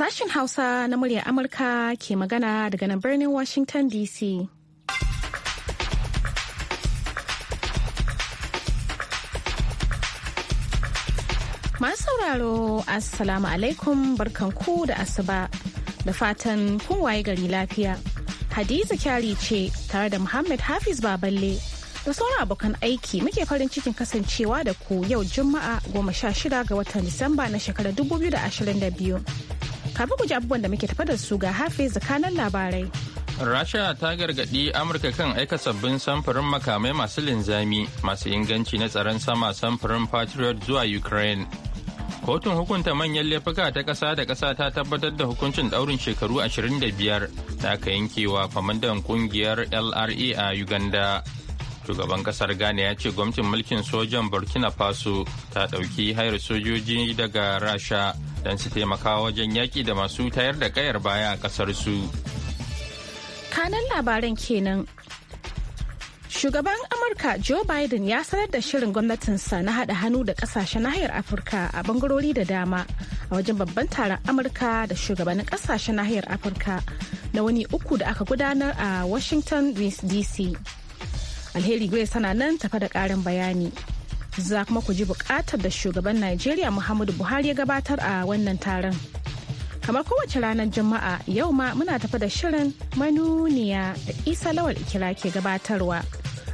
Sashen Hausa na muryar Amurka ke magana daga nan birnin Washington DC. Masu sauraro, Assalamu alaikum barkanku da asuba da fatan kun waye gari lafiya. Hadiza kyari ce tare da Muhammad Hafiz Baballe da sauran abokan aiki muke farin cikin kasancewa da ku yau Juma'a 16 ga watan Disamba na shekarar 2022. Kafin ku ji abubuwan da muke tafa da su ga hafi tsakanin labarai. Rasha ta gargaɗi Amurka kan aika sabbin samfurin makamai masu linzami masu inganci na tsaron sama samfurin Patriot zuwa Ukraine. Kotun hukunta manyan laifuka ta ƙasa da ƙasa ta tabbatar da hukuncin ɗaurin shekaru 25 da aka yankewa kwamandan ƙungiyar LRA e a Uganda. Shugaban ƙasar Ghana ya ce gwamnatin mulkin sojan Burkina Faso ta ɗauki hayar sojoji daga Rasha. don su taimaka wajen yaƙi da masu tayar da kayar baya a ƙasar su. Kanan labaran kenan. Shugaban Amurka Joe Biden ya sanar da shirin gwamnatinsa na hada hannu da ƙasashen nahiyar Afirka a bangarori da dama a wajen babban taron Amurka da shugabannin ƙasashen nahiyar Afirka na wani uku da aka gudanar a Washington DC. Alheri Grace sana nan tafa da karin bayani. za kuma ku ji bukatar da shugaban Najeriya Muhammadu Buhari ya gabatar a wannan taron. Kamar kowace ranar Juma'a yau ma muna tafi da shirin manuniya da isa lawal ikira ke gabatarwa.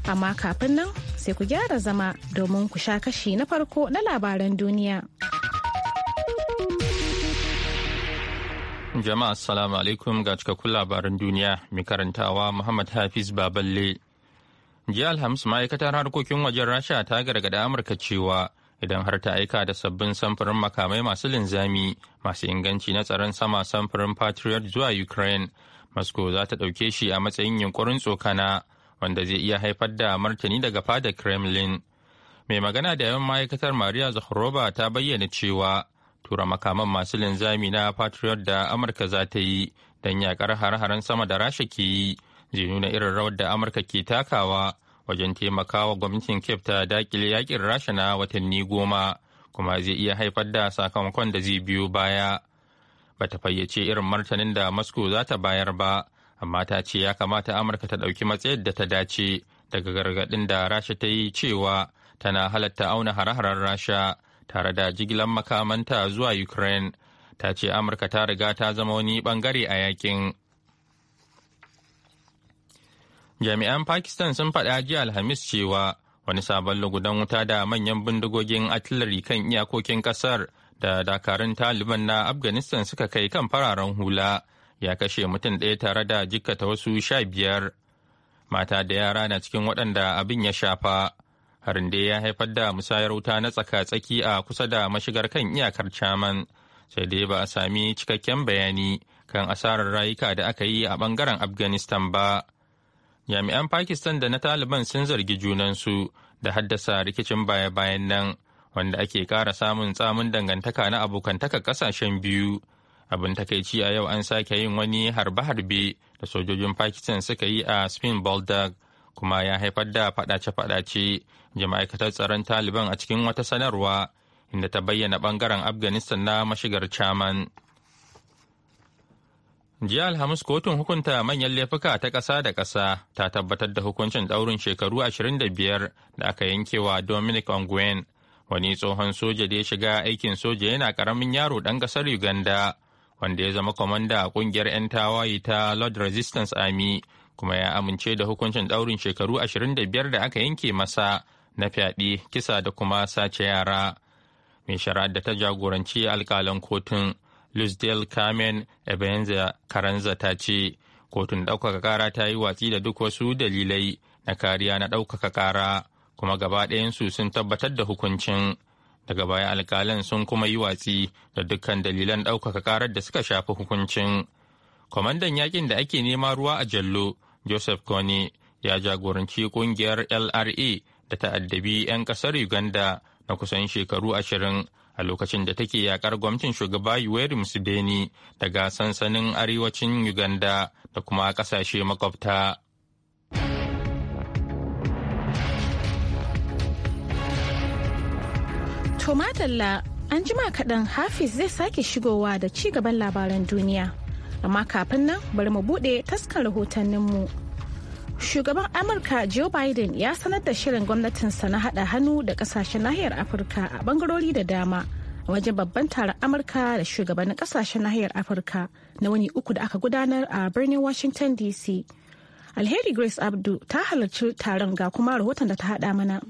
Amma kafin nan sai ku gyara zama domin ku sha kashi na farko na labaran duniya. Jama'a salamu alaikum ga cikakkun labaran duniya mai karantawa Muhammad Hafiz Baballe. jiya alhamis ma'aikatar harkokin wajen rasha ta gargada amurka cewa idan har ta aika da sabbin samfurin makamai masu linzami masu inganci na tsaron sama samfurin patriot zuwa ukraine moscow za ta ɗauke shi a matsayin yunkurin tsokana wanda zai iya haifar da martani daga fada kremlin mai magana da yawan ma'aikatar maria zakharova ta bayyana cewa tura makaman masu linzami na patriot da amurka za ta yi don yakar har-haren sama da rasha ke yi zai nuna irin rawar da amurka ke takawa wajen taimakawa gwamnatin cape ta dakile yakin rasha na watanni goma kuma zai iya haifar da sakamakon da zai biyo baya bata fayyace irin martanin da moscow za ta bayar ba amma ta ce ya kamata amurka ta ɗauki matsayar da ta dace daga gargaɗin da rasha ta yi cewa tana halatta auna hare-haren rasha tare da jigilar makamanta zuwa ukraine ta ce amurka ta riga ta zama wani ɓangare a yakin Jami'an Pakistan sun faɗa jiya Alhamis cewa wani sabon lugudan wuta da manyan bindigogin artillery kan iyakokin ƙasar da dakarun Taliban na Afghanistan suka kai kan fararen hula ya kashe mutum ɗaya tare da jikkata wasu sha biyar. Mata da yara na cikin waɗanda abin ya shafa. Harin da ya haifar da musayar wuta na tsaka-tsaki a kusa da mashigar kan iyakar caman sai dai ba a sami cikakken bayani kan asarar rayuka da aka yi a bangaren Afghanistan ba. jami'an pakistan da na taliban sun zargi junansu da haddasa rikicin baya-bayan nan wanda ake kara samun tsamin dangantaka na abokantaka ƙasashen biyu abin takaici a yau an sake yin wani harbe-harbe da sojojin pakistan suka yi a spin baldag kuma ya haifar da faɗace-faɗace jama'aikatar tsaron taliban a cikin wata sanarwa inda ta bayyana bangaren afghanistan na mashigar chaman. Jiya Alhamis kotun hukunta manyan laifuka ta ƙasa da ƙasa ta tabbatar da hukuncin ɗaurin shekaru 25 da aka yankewa Dominic Ongwen, wani tsohon soja da ya shiga aikin soja yana ƙaramin yaro ɗan ƙasar Uganda, wanda ya zama kwamanda a ƙungiyar 'yan tawaye ta Lord Resistance Army, kuma ya amince da hukuncin ɗaurin shekaru 25 da aka yanke masa na fyaɗe, kisa da kuma sace yara. Mai shari'ar da ta jagoranci alƙalan kotun. Luzdale Carmen Ebenza Karanza ta ce, Kotun ɗaukaka ƙara ta yi watsi da duk wasu dalilai na kariya na ɗaukaka ƙara, kuma gaba ɗayansu sun tabbatar da hukuncin. Daga baya alƙalan sun kuma yi watsi da dukkan dalilan ɗaukaka ƙarar da suka shafi hukuncin. Kwamandan yakin da ake nema ruwa a Jallo, Joseph Kony, ya jagoranci ƙungiyar LRA da ta'addabi 'yan ƙasar Uganda na kusan shekaru ashirin a lokacin da take yakar gwamnatin shugaba Yoweri Museveni daga sansanin arewacin Uganda da kuma kasashe makwabta. tomatalla an jima kaɗan Hafiz zai sake shigowa da ci gaban labaran duniya. Amma kafin nan bari mu buɗe taskar rahotanninmu. Shugaban Amurka Joe Biden ya sanar da shirin gwamnatinsa na haɗa hannu da kasashen nahiyar Afirka a ɓangarori da dama a wajen babban taron Amurka da shugabannin kasashen nahiyar Afirka na wani uku da aka gudanar a birnin Washington DC. Alheri Grace Abdu ta halarci taron ga kuma rahoton da ta haɗa mana.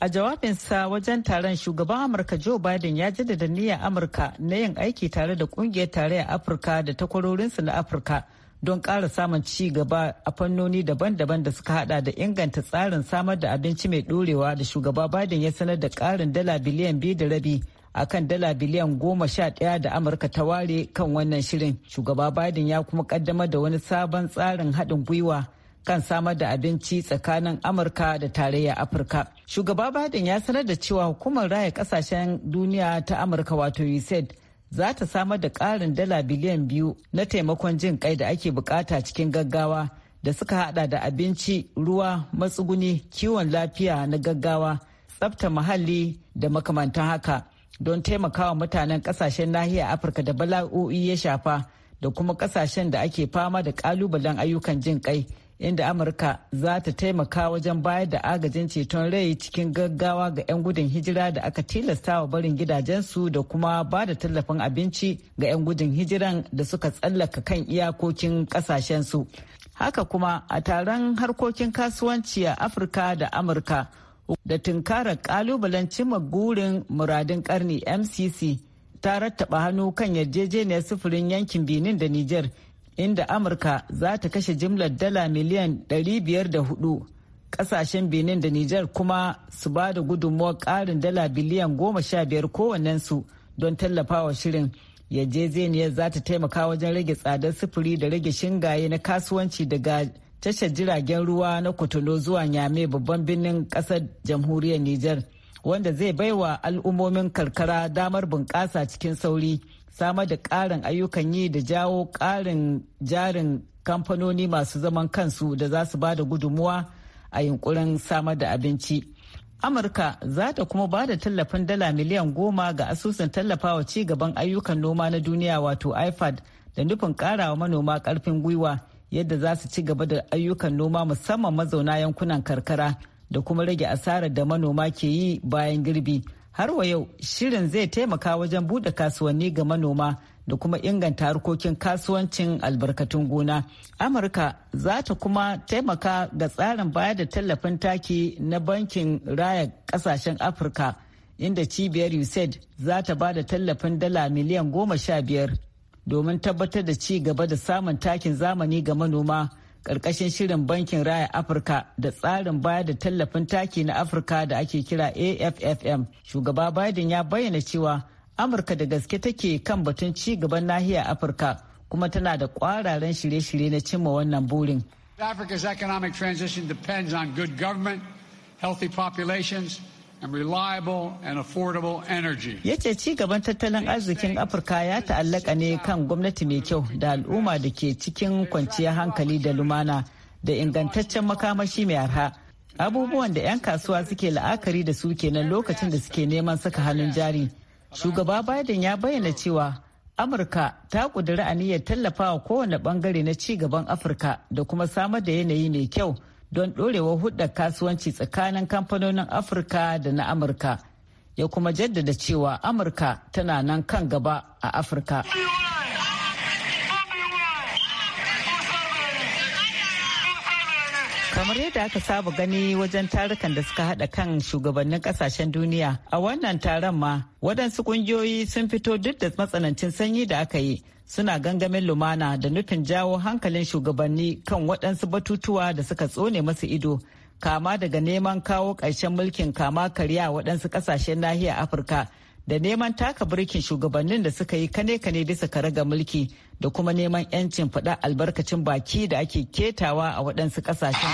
A jawabinsa wajen taron shugaban Amurka Joe Biden ya jaddada niyyar Amurka na yin aiki tare da kungiyar tarayyar Afirka da takwarorinsu na Afirka don ƙara samun ci gaba a fannoni daban-daban da suka hada da inganta tsarin samar da abinci mai ɗorewa da shugaba Biden ya sanar da ƙarin dala biliyan biyu da rabi a kan dala biliyan goma sha ɗaya da Amurka ta ware kan wannan shirin. Shugaba Biden ya kuma ƙaddamar da wani sabon tsarin haɗin gwiwa kan samar da abinci tsakanin amurka da tarayya afirka shugaba biden ya sanar da cewa hukumar raya ƙasashen duniya ta amurka wato usaid za ta samar da ƙarin dala biliyan biyu na taimakon jin kai da ake bukata cikin gaggawa da suka hada da abinci ruwa matsuguni kiwon lafiya na gaggawa tsafta muhalli da makamantan haka don taimakawa mutanen kasashen nahiyar afirka da bala'o'i ya shafa da kuma kasashen da ake fama da ƙalubalen ayyukan jin kai inda amurka za ta taimaka wajen bayar da agajin ceton rai cikin gaggawa ga 'yan gudun hijira da aka tilasta wa barin gidajensu da kuma ba da tallafin abinci ga 'yan gudun hijiran da suka tsallaka kan iyakokin kasashensu haka kuma a taron harkokin kasuwanci a afirka da amurka da tunkarar kalubalen cimma gurin muradin karni mcc ta rattaba hannu kan yarjejeniyar sufurin yankin benin da niger inda amurka za ta kashe jimlar dala miliyan da hudu kasashen benin da nijar kuma su ba da gudunmuwar karin dala biliyan 15 kowannensu don tallafawa shirin yarjejeniyar za ta taimaka wajen rage tsadar sufuri da rage shingaye na kasuwanci daga tashar jiragen ruwa na kotono zuwa nyame babban birnin kasar jamhuriyar nijar wanda zai baiwa al'ummomin karkara damar bunƙasa cikin sauri. samar da ƙarin ayyukan yi da jawo ƙarin jarin kamfanoni masu zaman kansu da za su ba da gudunmuwa a yunkurin samar da abinci. Amurka za ta kuma ba da tallafin dala miliyan goma ga asusun tallafawa ci gaban ayyukan noma na duniya wato IFAD da nufin karawa manoma karfin gwiwa yadda za su ci gaba da ayyukan noma musamman mazauna yankunan karkara da kuma rage asarar da manoma ke yi bayan girbi. Har wa yau shirin zai taimaka wajen bude kasuwanni ga manoma da kuma inganta harkokin kasuwancin albarkatun gona. Amurka za ta kuma taimaka ga tsarin bayar da tallafin taki na bankin raya kasashen Afirka inda cibiyar USAID za ta ba da tallafin dala miliyan goma sha biyar domin tabbatar da ci gaba da samun takin zamani ga manoma. ƙarƙashin shirin bankin raya afirka da tsarin baya da tallafin taki na afirka da ake kira affm shugaba biden ya bayyana cewa amurka da gaske take kan batun ci gaban nahiyar afirka kuma tana da ƙwararen shirye-shirye na cimma wannan burin africa's economic transition depends on good government healthy populations Ya ce ci gaban tattalin arzikin Afirka ya ta'allaka ne kan gwamnati mai kyau da al'umma da ke cikin kwanciyar hankali da lumana da ingantaccen makamashi mai arha. Abubuwan da 'yan kasuwa suke la'akari da su kenan lokacin da suke neman saka hannun jari. Shugaba Biden ya bayyana cewa Amurka ta ƙudiri aniyar tallafawa kowane bangare na ci gaban Afirka da kuma samar da yanayi mai kyau. don ɗorewar hudar kasuwanci tsakanin kamfanonin afirka da na amurka ya kuma jaddada cewa amurka tana nan kan gaba a afirka. kamar yadda aka saba gani wajen tarukan da suka hada kan shugabannin kasashen duniya a wannan taron ma waɗansu ƙungiyoyi sun fito duk da matsanancin sanyi da aka yi suna gangamin lumana da nufin jawo hankalin shugabanni kan waɗansu batutuwa da suka tsone masu ido kama daga neman kawo ƙarshen mulkin kama karya waɗansu ƙasashen nahiyar afirka da neman taka birkin shugabannin da suka yi kane-kane bisa ga mulki da kuma neman 'yancin faɗa albarkacin baki da ake ketawa a waɗansu ƙasashen.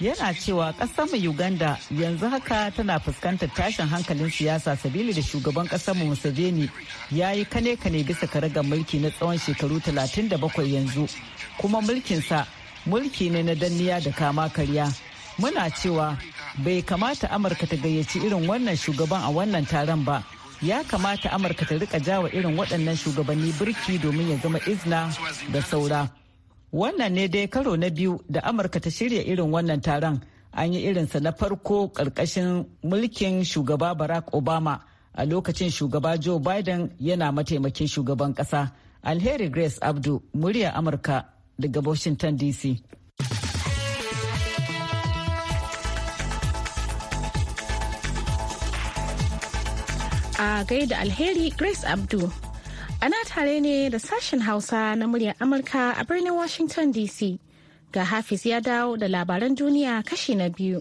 Yana cewa ƙasar mu Uganda yanzu haka tana fuskantar tashin hankalin siyasa sabili da shugaban mu Museveni ya yi kane-kane bisa karagar mulki na tsawon shekaru 37 yanzu kuma mulkinsa mulki ne na danniya da kama karya. muna cewa bai kamata amurka ta gayyaci irin wannan shugaban a wannan taron ba ya kamata amurka ta rika jawa irin waɗannan shugabanni birki domin ya zama izna da saura wannan ne dai karo na biyu da amurka ta shirya irin wannan taron an yi irinsa na farko ƙarƙashin mulkin shugaba barack obama a lokacin shugaba joe biden yana mataimakin shugaban ƙasa alheri grace abdu murya amurka daga washington dc a gaida alheri Grace Abdu. Ana tare ne da sashen Hausa na muryar Amurka a birnin Washington DC. Ga Hafiz ya dawo da labaran duniya kashi na biyu.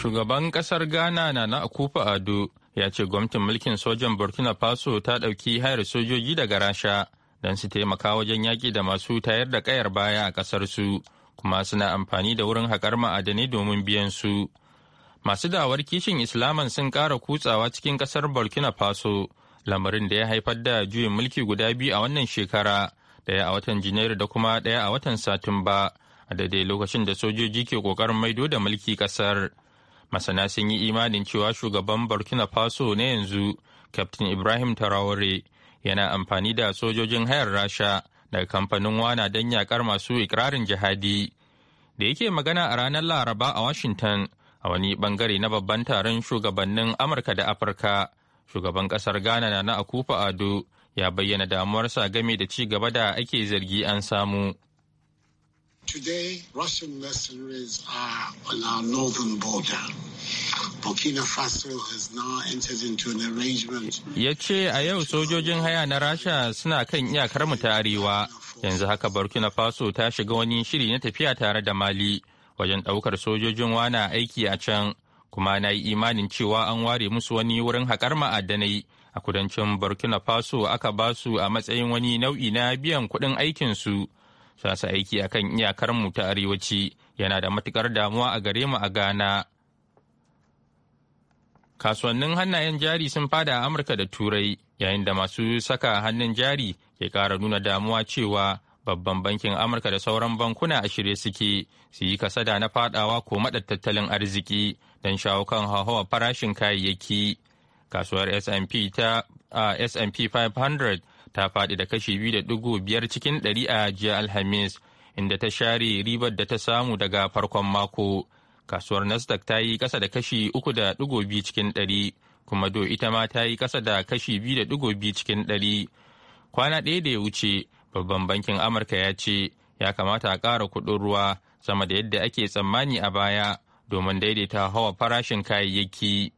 Shugaban kasar Ghana na na akufa ado ya ce gwamnatin mulkin sojan Burkina Faso ta ɗauki hayar sojoji daga Rasha don su taimaka wajen yaƙi da masu tayar da ƙayar baya a ƙasarsu. su. kuma suna amfani da wurin haƙar ma'adanai domin biyan su. Masu dawar kishin Islaman sun ƙara kutsawa cikin ƙasar Burkina Faso, lamarin da ya haifar da juyin mulki guda biyu a wannan shekara, ɗaya a watan Janairu da kuma ɗaya a watan Satumba, a daidai lokacin da sojoji ke ƙoƙarin maido da mulki ƙasar. Masana sun yi imanin cewa shugaban Burkina Faso na yanzu, Captain Ibrahim Traore, yana amfani da sojojin hayar Rasha daga kamfanin wana don yakar masu ikirarin jihadi da yake magana a ranar laraba a washington a wani bangare na babban taron shugabannin amurka da afirka shugaban kasar ghana na akufa ado ya bayyana damuwarsa game da ci gaba da ake zargi an samu Today, Russian mercenaries are on our northern border. Burkina Faso has now entered into an arrangement. Ya ce a yau sojojin haya na Rasha suna kan iyakar mu ta arewa. Yanzu haka Burkina Faso ta shiga wani shiri na tafiya tare da Mali wajen ɗaukar sojojin wana aiki a can. Kuma na yi imanin cewa an ware musu wani wurin haƙar ma'adanai a kudancin Burkina Faso aka basu a matsayin wani nau'i na biyan kuɗin aikinsu. su. za su aiki a kan iyakarmu ta arewaci yana da matukar damuwa a gare mu a ghana kasuwannin hannayen jari sun fada a amurka da turai yayin da masu saka hannun jari ke kara nuna damuwa cewa babban bankin amurka da sauran bankuna a shirye suke su yi kasada na fadawa ko maɗa tattalin arziki don shawo kan hauhawar farashin kayayyaki kasuwar S&P ta uh, S&P 500 ta faɗi da kashi biyu da ɗigo biyar cikin ɗari a jiya alhamis inda ta share ribar da ta samu daga farkon mako kasuwar nasdaq ta yi kasa da kashi uku da ɗigo biyu cikin ɗari kuma do ita ma ta yi kasa da kashi biyu da ɗigo biyu cikin ɗari kwana ɗaya da ya wuce babban bankin amurka ya ce ya kamata a ƙara kuɗin ruwa sama da yadda ake tsammani a baya domin daidaita hawa farashin kayayyaki.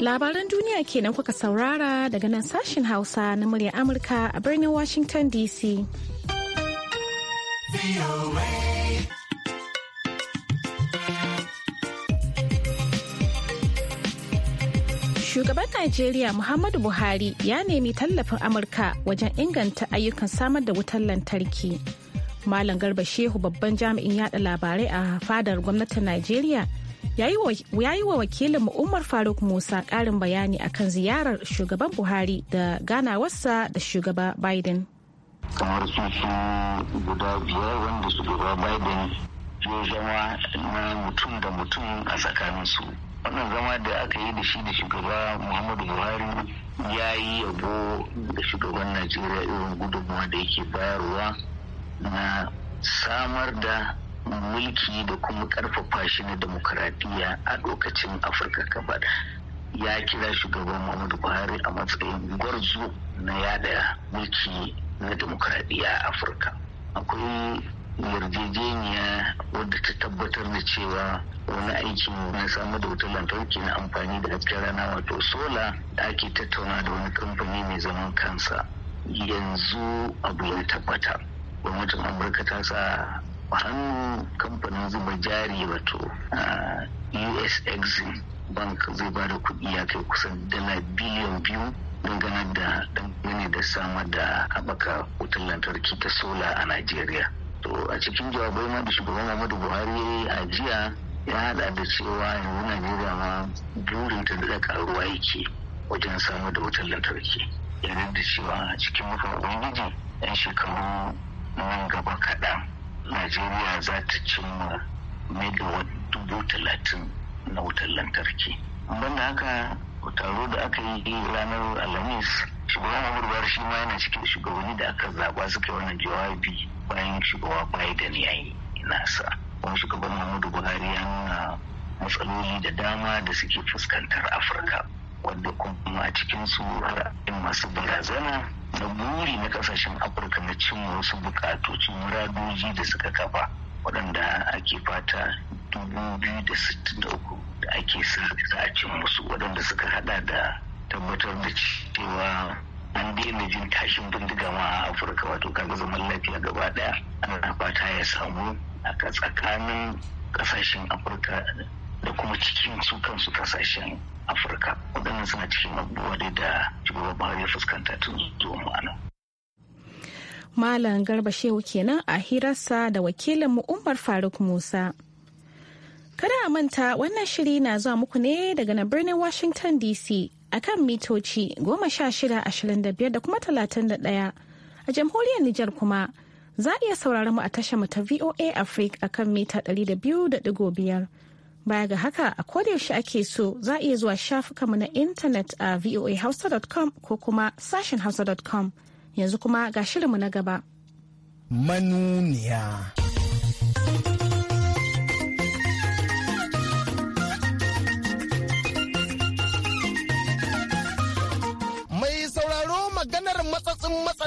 Labaran duniya kenan kuka saurara daga nan sashen Hausa na muryar Amurka a birnin Washington DC. Shugaban Najeriya Muhammadu Buhari ya nemi tallafin Amurka wajen inganta ayyukan samar da wutar lantarki. Malam Garba Shehu babban jami'in yada labarai a fadar gwamnatin Najeriya ya yi wa wakilin Umar Faruk Musa ƙarin bayani akan ziyarar shugaban Buhari da ganawarsa da shugaba Biden. Kamar su guda biyar wanda shugaba Biden ya zama na mutum da mutum a tsakaninsu. Wannan zama da aka yi da shi da shugaba Muhammadu Buhari ya yi yabo da shugaban Najeriya irin gudunmawa da yake bayarwa na samar da mulki da kuma karfafa shi na demokuraɗiyya a lokacin afirka gaba ya kira shugaban muhammadu buhari a matsayin gwarzo na yada mulki na demokuraɗiyya a afirka akwai yarjejeniya wadda ta tabbatar da cewa wani aikin na samu da wutar lantarki na amfani da hasken rana wato sola da ake tattauna da wani kamfani mai zaman kansa yanzu abu ya tabbata gwamnatin amurka ta sa ƙwararren kamfanin zuba jari wato us exim bank zai ba da kuɗi ya kai kusan dala biliyan biyu dangane da dangane da samar da haɓaka wutar lantarki ta sola a najeriya to a cikin jawabai ma da shugaban muhammadu buhari ya yi a ya haɗa da cewa yanzu najeriya ma ta da ƙaruwa yake wajen samar da wutar lantarki ya da cewa a cikin mafi ubangiji 'yan shekaru nan gaba kaɗan najeriya za ta cimma mai dubu talatin na wutar lantarki ban da haka taro da aka yi ranar alhamis shugaban amurka shi ma yana cikin shugabanni da aka zaba suka yi wannan jawabi bayan shugaba biden ya yi nasa kuma shugaban muhammadu buhari ya nuna matsaloli da dama da suke fuskantar afirka wadda kuma a cikinsu har masu barazana da buri na kasashen afirka na cin wasu bukatoci muradoji da suka kafa waɗanda ake fata dubu da da ake sa a cin musu waɗanda suka hada da tabbatar da cewa an daina jin tashin bindiga ma a afirka wato kaga zaman lafiya gaba daya ana fata ya samu a tsakanin kasashen afirka da kuma cikin su kansu kasashen afirka waɗannan suna cikin abubuwa dai da shugaban buhari ya fuskanta tun zuwa mu'ana malam garba shehu kenan a hirarsa da wakilin mu umar faruk musa kada a manta wannan shiri na zuwa muku ne daga na birnin washington dc akan mitoci goma sha shida ashirin da biyar da kuma talatin da ɗaya a jamhuriyar nijar kuma za a iya sauraron mu a tashar mu ta voa africa akan mita ɗari da biyu da ɗigo biyar Baya ga haka a yaushe ake so za a iya zuwa shafukanmu na intanet a voahausa.com ko kuma sashen hausa.com yanzu kuma ga shirinmu na gaba. Manuniya.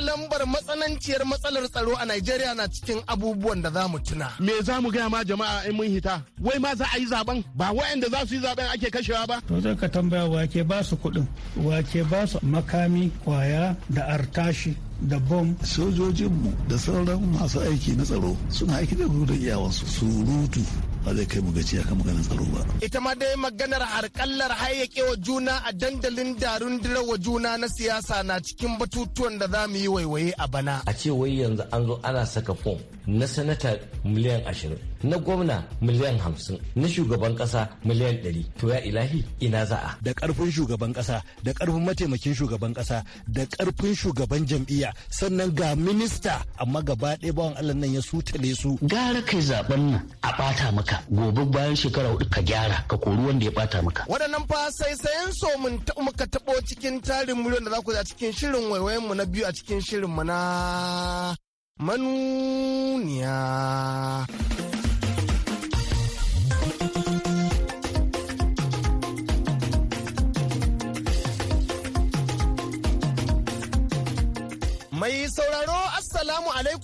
lambar matsananciyar matsalar tsaro a Najeriya na cikin abubuwan da za mu tuna. Me za mu gaya ma jama'a in mun hita? Wai ma za a yi zaben ba waɗanda za su yi zaben ake kashewa ba. To zai ka tambaya wake ba su kuɗin, wake ba su makami, kwaya da artashi. da bom sojojinmu da sauran masu aiki na tsaro suna aiki da da iyawansu surutu ba zai kai mu gaci akan ganin tsaro ba. Ita ma dai maganar harkallar hayyakewa juna a dandalin darun wa juna na siyasa na cikin batutuwan da za mu yi waiwaye a bana. A ce wai yanzu an zo ana saka fom na sanata miliyan ashirin na gwamna miliyan hamsin na shugaban kasa miliyan ɗari to ya ilahi ina za'a. Da ƙarfin shugaban kasa da ƙarfin mataimakin shugaban kasa da ƙarfin shugaban jam'iyya sannan ga minista amma gaba ɗaya bawan Allah nan ya sutale su. Gara kai zaben nan a ɓata maka ka gobe bayan shekara hudu ka gyara ka kori wanda ya bata maka waɗannan fa sai sayan so mun muka taɓo cikin tarin miliyon da za ku a cikin shirin waiwayen mu na biyu a cikin shirin mu na manuniya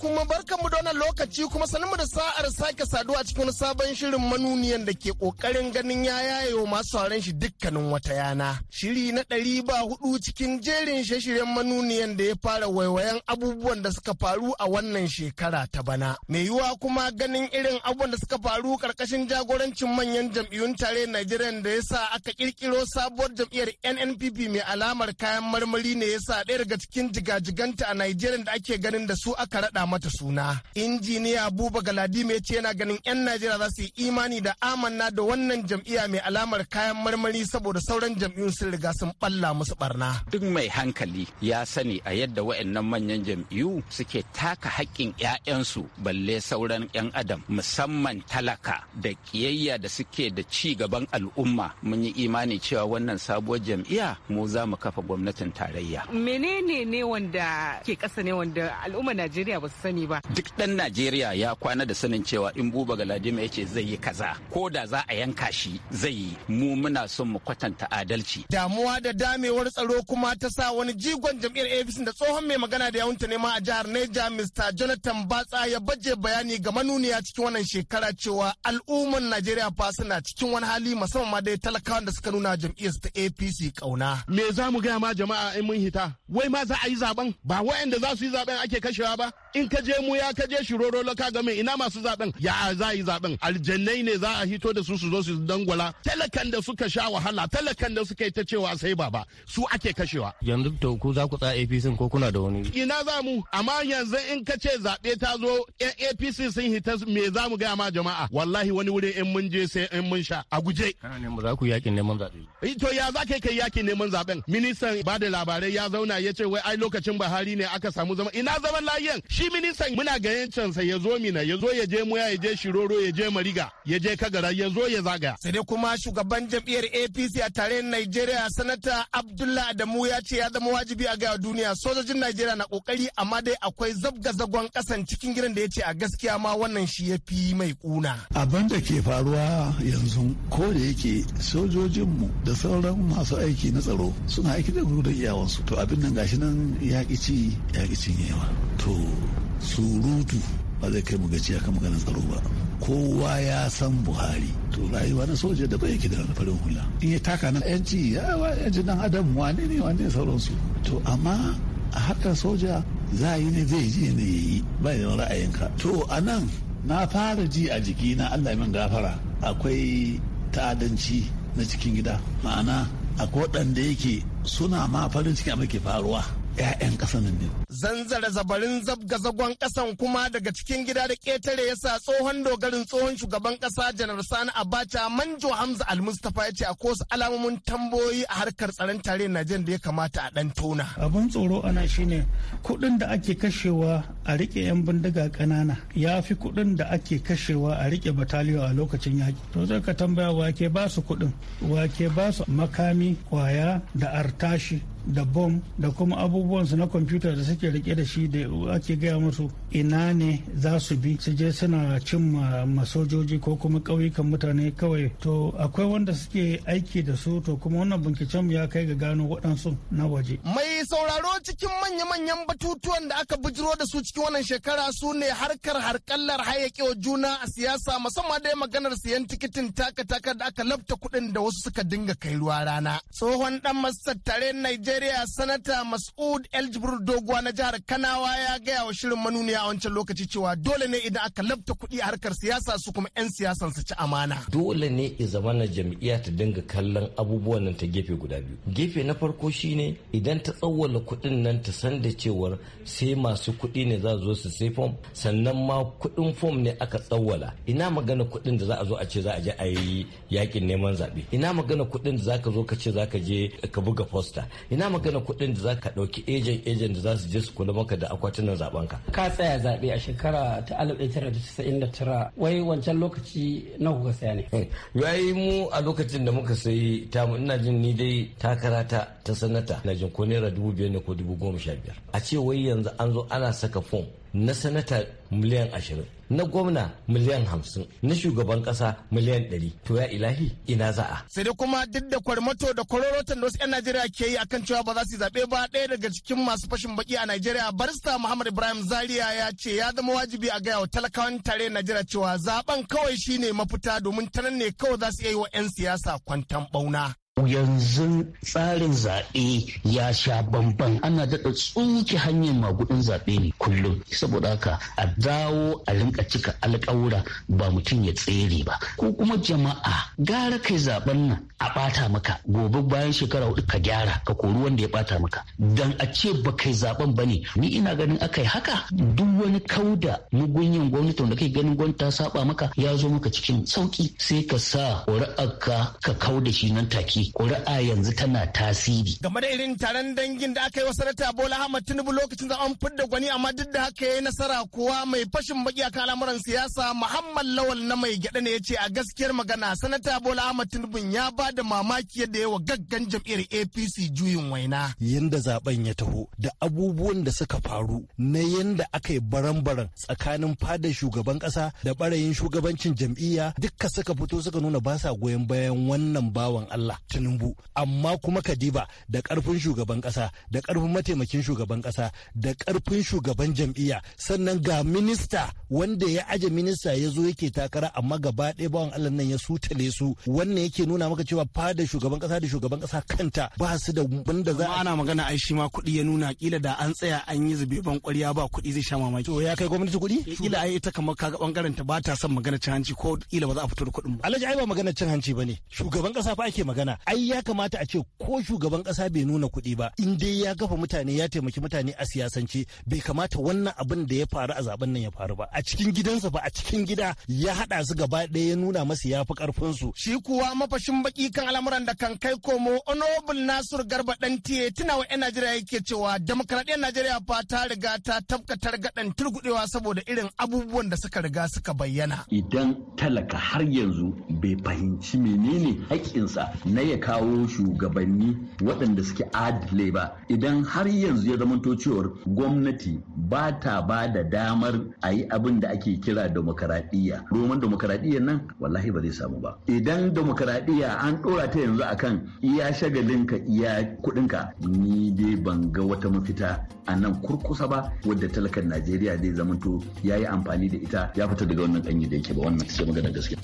kuma barkanmu da wannan lokaci kuma sanmu da sa'ar sake saduwa cikin sabon shirin manuniyan da ke kokarin ganin ya wa masu sauran shi dukkanin wata yana. Shiri na ɗari ba hudu cikin jerin shirye manuniyan da ya fara waiwayan abubuwan da suka faru a wannan shekara ta bana. Me yiwuwa kuma ganin irin abubuwan da suka faru karkashin jagorancin manyan jam'iyyun tare Najeriya da yasa aka kirkiro sabuwar jam'iyyar NNPP mai alamar kayan marmari ne yasa ɗaya daga cikin jigajiganta a Najeriya da ake ganin da su aka raɗa mata suna. Injiniya Buba Galadima ya ce yana ganin 'yan Najeriya za su yi imani da amanna da wannan jam'iyya mai alamar kayan marmari saboda sauran jam'iyyun sun riga sun balla musu barna. Duk mai hankali ya sani a yadda wa'annan manyan jam'iyyu suke taka haƙƙin 'ya'yansu balle sauran 'yan adam musamman talaka da ƙiyayya da suke da ci gaban al'umma mun yi imani cewa wannan sabuwar jam'iyya mu za mu kafa gwamnatin tarayya. Menene ne wanda ke ƙasa ne wanda al'umma Najeriya ba su sani ba duk ɗan najeriya ya kwana da sanin cewa in buba galadima yace zai yi kaza ko da za a yanka shi zai yi mu muna son mu kwatanta adalci damuwa da damewar tsaro kuma ta sa wani jigon jam'iyyar apc da tsohon mai magana da yawunta nema a jihar neja mr jonathan batsa ya baje bayani ga manuniya cikin wannan shekara cewa al'umman najeriya fa suna cikin wani hali musamman ma dai talakawan da suka nuna jam'iyyar ta apc kauna me za mu gaya ma jama'a in mun hita wai ma za a yi zaben ba wa'anda za su yi zaben ake kashewa ba in ka je mu ya ka je shiroro ka ga mai ina masu zaben ya za yi zaben aljannai ne za a hito da su su zo su dangwala talakan da suka sha wahala talakan da suka yi ta cewa sai baba su ake kashewa yanzu to ku za ku tsaya APC ko kuna da wani ina za mu amma yanzu in ka ce zabe ta zo APC sun hita me za mu gaya ma jama'a wallahi wani wurin in mun je sai in mun sha a guje kana ne ba za ku yakin neman zabe eh, to ya za kai kai yakin neman zaben ministan ba da labarai ya zauna ya ce wai ai lokacin Buhari ne aka samu zama ina zaman layin shi ministan muna ga yancansa ya zo mina ya zo ya je muya ya je shiroro ya je mariga ya je kagara ya zo ya zagaya sai dai kuma shugaban jam'iyyar apc a tarayyar nigeria sanata abdullah adamu ya ce ya zama wajibi a gaya duniya sojojin nigeria na kokari amma dai akwai zabga zagon kasan cikin gidan da ya ce a gaskiya ma wannan shi ya fi mai kuna abin da ke faruwa yanzu ko da yake sojojinmu da sauran masu aiki na tsaro suna aiki da gudun iyawansu to abin nan gashi nan yaƙi ci yaƙi cinyewa to surutu ba zai kai mu gaci kan ganin tsaro ba kowa ya san buhari to rayuwa na soja da bai yake da farin hula in ya taka na yanci ya yanci dan adam wane ne wane sauransu to amma a hakan soja za yi ne zai ji ne yayi ba da ra'ayinka to a nan na fara ji a jiki na allah min gafara akwai ta'adanci na cikin gida ma'ana akwai waɗanda yake suna ma farin ciki abin ke faruwa 'ya'yan ƙasa nan biyu. Zanzara zabarin zabga zagon ƙasan kuma daga cikin gida da ƙetare ya sa tsohon dogarin tsohon shugaban ƙasa janar Sani Abacha Manjo Hamza Al-Mustapha ya ce a kosu alamomin tambayoyi a harkar tsaron tare jan da ya kamata a ɗan tona. Abin tsoro ana shine kuɗin da ake kashewa a riƙe 'yan bindiga ƙanana ya fi kuɗin da ake kashewa a riƙe bataliyo a lokacin yaƙi. To zai ka tambaya wa ke ba su kuɗin wa ke ba su makami kwaya da artashi da bom da kuma abubuwansu na kwamfuta da suke rike da shi da ake gaya musu ina ne za su bi su je suna cin masojoji ko kuma ƙauyukan mutane kawai to akwai wanda suke aiki da su to kuma wannan binciken ya kai ga gano waɗansu na waje. mai sauraro cikin manya-manyan batutuwan da aka bijiro da su cikin wannan shekara su ne harkar harkallar hayakewa juna a siyasa musamman dai maganar siyan tikitin taka taka da aka lafta kuɗin da wasu suka dinga kai ruwa rana tsohon ɗan masar tare Niger Najeriya sanata Mas'ud el-jibril Doguwa na jihar Kanawa ya gaya wa shirin manuniya a wancan lokaci cewa dole ne idan aka labta kuɗi a harkar siyasa su kuma 'yan siyasar su ci amana. Dole ne i zama na jam'iyya ta dinga kallon abubuwan nan ta gefe guda biyu. Gefe na farko shine idan ta tsawwala kuɗin nan ta san da cewar sai masu kuɗi ne za zo su sai fom sannan ma kuɗin fom ne aka tsawwala. Ina magana kuɗin da za a zo a ce za a je a yi yakin neman zaɓe. Ina magana kuɗin da za ka zo ka ce za ka je ka buga fosta. ina magana kuɗin da za ka ɗauki ejen ejen da za su je su kula maka da akwatunan zaben ka ka tsaya zaɓe a shekara ta 1999 wai wancan lokaci na kuka saya ne yayi eh, mu a lokacin da muka sayi tamu ina jin ni dai takara ta ta sanata ina jin ko naira dubu biyar ne ko dubu goma sha biyar a ce wai yanzu an zo ana saka fom na sanata miliyan ashirin na gwamna miliyan hamsin na shugaban kasa miliyan ɗari to ya ilahi ina za'a. sai dai kuma duk da kwarmato da kwarorotan da wasu 'yan najeriya ke yi akan cewa ba za su zaɓe ba ɗaya daga cikin masu fashin baki a najeriya barista muhammad ibrahim zaria ya ce ya zama wajibi a gaya wa talakawan tare najeriya cewa zaben kawai shine mafita domin ta ne kawai za su iya yi wa 'yan siyasa kwantan bauna. yanzu tsarin zaɓe ya sha bamban ana daɗa tsuki hanyar magudin zaɓe ne kullum saboda haka a dawo a rinka cika alƙawura ba mutum ya tsere ba ko kuma jama'a gara kai zaɓen nan a ɓata maka gobe bayan shekara hudu ka gyara ka kori wanda ya ɓata maka dan a ce ba kai zaɓen ba ne ni ina ganin akai haka duk wani kauda mugunyan gwamnati wanda kai ganin gwamnati ta saba maka ya zo maka cikin sauki sai ka sa ƙuri'arka ka kau da shi nan take Kuri'a yanzu tana tasiri game da irin taron dangin da aka yi wa sanata bola ahmad tinubu lokacin da an fidda gwani amma duk da haka ya yi nasara kuwa mai fashin baki akan al'amuran siyasa muhammad lawal na mai gyaɗa ne ya ce a gaskiyar magana sanata bola ahmad tinubu ya ba da mamaki yadda ya wa gaggan jam'iyyar apc juyin waina yanda zaben ya taho da abubuwan da suka faru na yanda aka yi baran-baran tsakanin fadar shugaban ƙasa da barayin shugabancin jam'iyya duka suka fito suka nuna ba sa goyon bayan wannan bawan Allah tinubu amma kuma kadiba da karfin shugaban kasa da karfin mataimakin shugaban kasa da karfin shugaban jam'iyya sannan ga minista wanda ya aje minista ya zo yake takara amma gaba ɗaya bawan allah nan ya sutale su wannan yake nuna maka cewa fada shugaban kasa da shugaban kasa kanta ba su da wanda za ana magana ai shi ma kuɗi ya nuna kila da an tsaya an yi zube ban ƙwarya ba kuɗi zai sha mamaki to ya kai gwamnati kuɗi kila eh, ai ita kamar kaga bangaren ta ba ta son magana cin hanci ko kila ba za a fito da kuɗin ba alhaji ai ba magana cin hanci bane shugaban kasa fa ake magana ai ya kamata a ce ko shugaban kasa bai nuna kuɗi ba in dai ya gafa mutane ya taimaki mutane a siyasance bai kamata wannan abin da ya faru a zaben nan ya faru ba a cikin gidansa ba a cikin gida ya haɗa su gaba ɗaya ya nuna masa ya fi ƙarfin su shi kuwa mafashin baki kan al'amuran da kan kai komo honorable nasur garba dan tiye tuna wa 'yan najeriya yake cewa demokradiyyar najeriya fa ta riga ta tafka gaɗan turguɗewa saboda irin abubuwan da suka riga suka bayyana idan talaka har yanzu bai fahimci menene haƙƙinsa na ya kawo shugabanni waɗanda suke adile ba idan har yanzu ya zamanto cewar gwamnati ba ta ba da damar a yi abin da ake kira demokaradiyya roman demokaradiyya nan wallahi ba zai samu ba idan demokaradiyya an ɗora ta yanzu akan iya shagalinka iya kudinka ni dai ban ga wata mafita a nan kurkusa ba wadda talakan najeriya zai zamanto ya yi amfani da ita ya fita daga wannan ɗanyi da yake ba wannan ce magana gaskiya.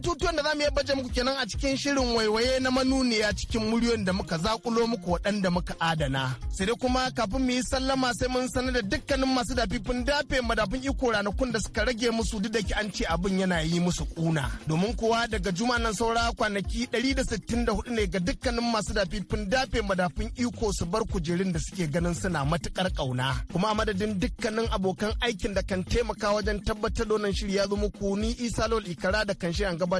batutuwan da za mu yi baje muku kenan a cikin shirin waiwaye na manuniya cikin muryoyin da muka zakulo muku waɗanda muka adana. Sai dai kuma kafin mu yi sallama sai mun sanar da dukkanin masu dafifin dafe madafin iko ranakun da suka rage musu duk da ki an ce abin yana yi musu kuna. Domin kuwa daga juma nan saura kwanaki sittin 164 ne ga dukkanin masu dafifin dafe madafin iko su bar kujerun da suke ganin suna matukar kauna. Kuma a madadin dukkanin abokan aikin da kan taimaka wajen tabbatar da wannan shiri ya zo ni Isa Lol Ikara da kan an gabatar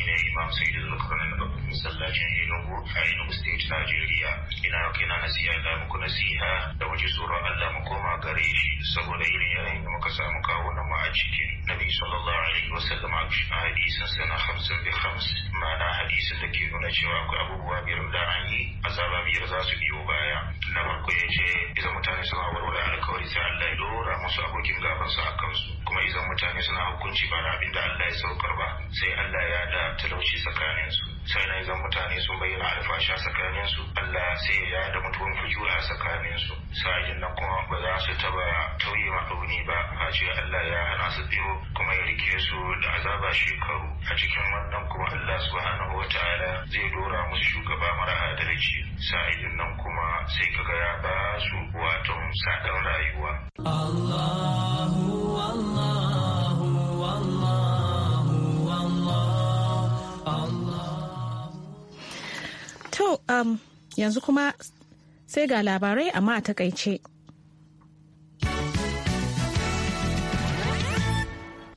ni imam sai da zuwa na babban masallacin enugu a state nigeria ina nasiha ina muku nasiha da waje tsoron allah mu koma gare shi saboda irin yanayin da muka samu kawo na mu a cikin nabi sallallahu alaihi wasallam a hadisin sana hamsin bi hams ma'ana hadisin da ke nuna cewa akwai abubuwa biyar da an yi azaba biyar za su biyo baya na farko ya ce Iza mutane suna warware alkawari sai allah ya dora musu abokin gabansu a kansu kuma izan mutane suna hukunci ba da abin da allah ya saukar ba sai allah ya da talauci tsakanin su na zan mutane sun bayyana alfasha tsakanin su Allah sai ya da mutuwan fujura tsakanin su sai nan kuma ba za su taba tauye ma'auni ba ce Allah ya hana su biyo kuma ya rike su da azaba shekaru a cikin wannan kuma Allah subhanahu wataala zai dora musu shugaba mara adalci sa'in nan kuma sai kaga ya ba su wato sadan rayuwa Allahu um, yanzu kuma sai ga labarai amma a takaice.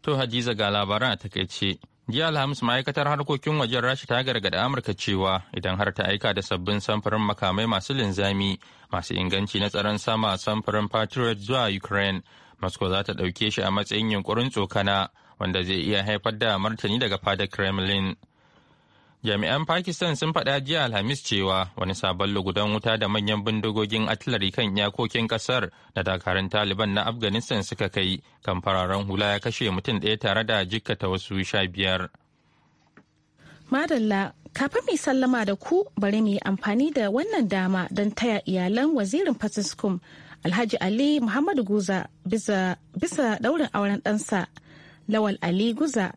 To Hadiza ga labaran a takaice. Jiya Alhamis ma'aikatar harkokin wajen Rasha ta gargada Amurka cewa idan har ta aika da sabbin samfurin makamai masu linzami masu inganci na tsaron sama samfurin Patriot zuwa Ukraine, Moscow za ta ɗauke shi a matsayin yunkurin tsokana wanda zai iya haifar da martani daga fadar Kremlin. Jami'an Pakistan sun faɗa jiya Alhamis cewa wani sabon lugudan wuta da manyan bindigogin atilari kan iyakokin ƙasar da dakarun Taliban na Afghanistan suka kai kan fararen hula ya kashe mutum ɗaya tare da jikkata wasu sha biyar. Madalla, kafin mai sallama da ku bari mu yi amfani da wannan dama don taya iyalan wazirin Fatiskum Alhaji Ali Muhammadu Guza bisa ɗaurin auren ɗansa Lawal Ali Guza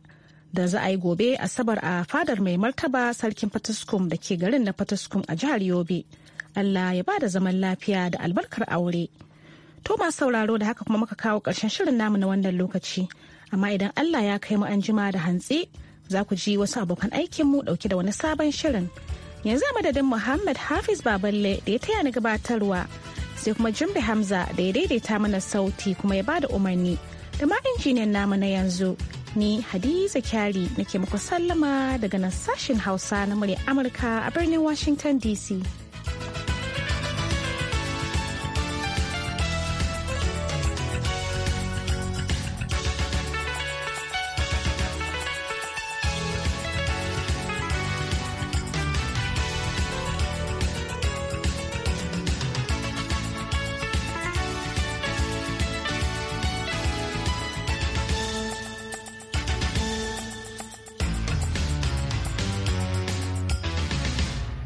da za a yi gobe asabar a fadar mai martaba sarkin fataskum da ke garin na fataskum a jihar yobe allah ya ba da zaman lafiya da albarkar aure to ma sauraro da haka kuma muka kawo ƙarshen shirin namu na wannan lokaci amma idan allah ya kai mu an jima da hantsi za ku ji wasu abokan aikinmu ɗauke da wani sabon shirin yanzu a madadin muhammad hafiz baballe da ya taya ni gabatarwa sai kuma jimbe hamza da ya daidaita mana sauti kuma ya ba da umarni da ma injiniyan namu na yanzu ni Hadiza Kyari nake muku sallama daga nan sashen Hausa na murya Amurka a birnin Washington DC.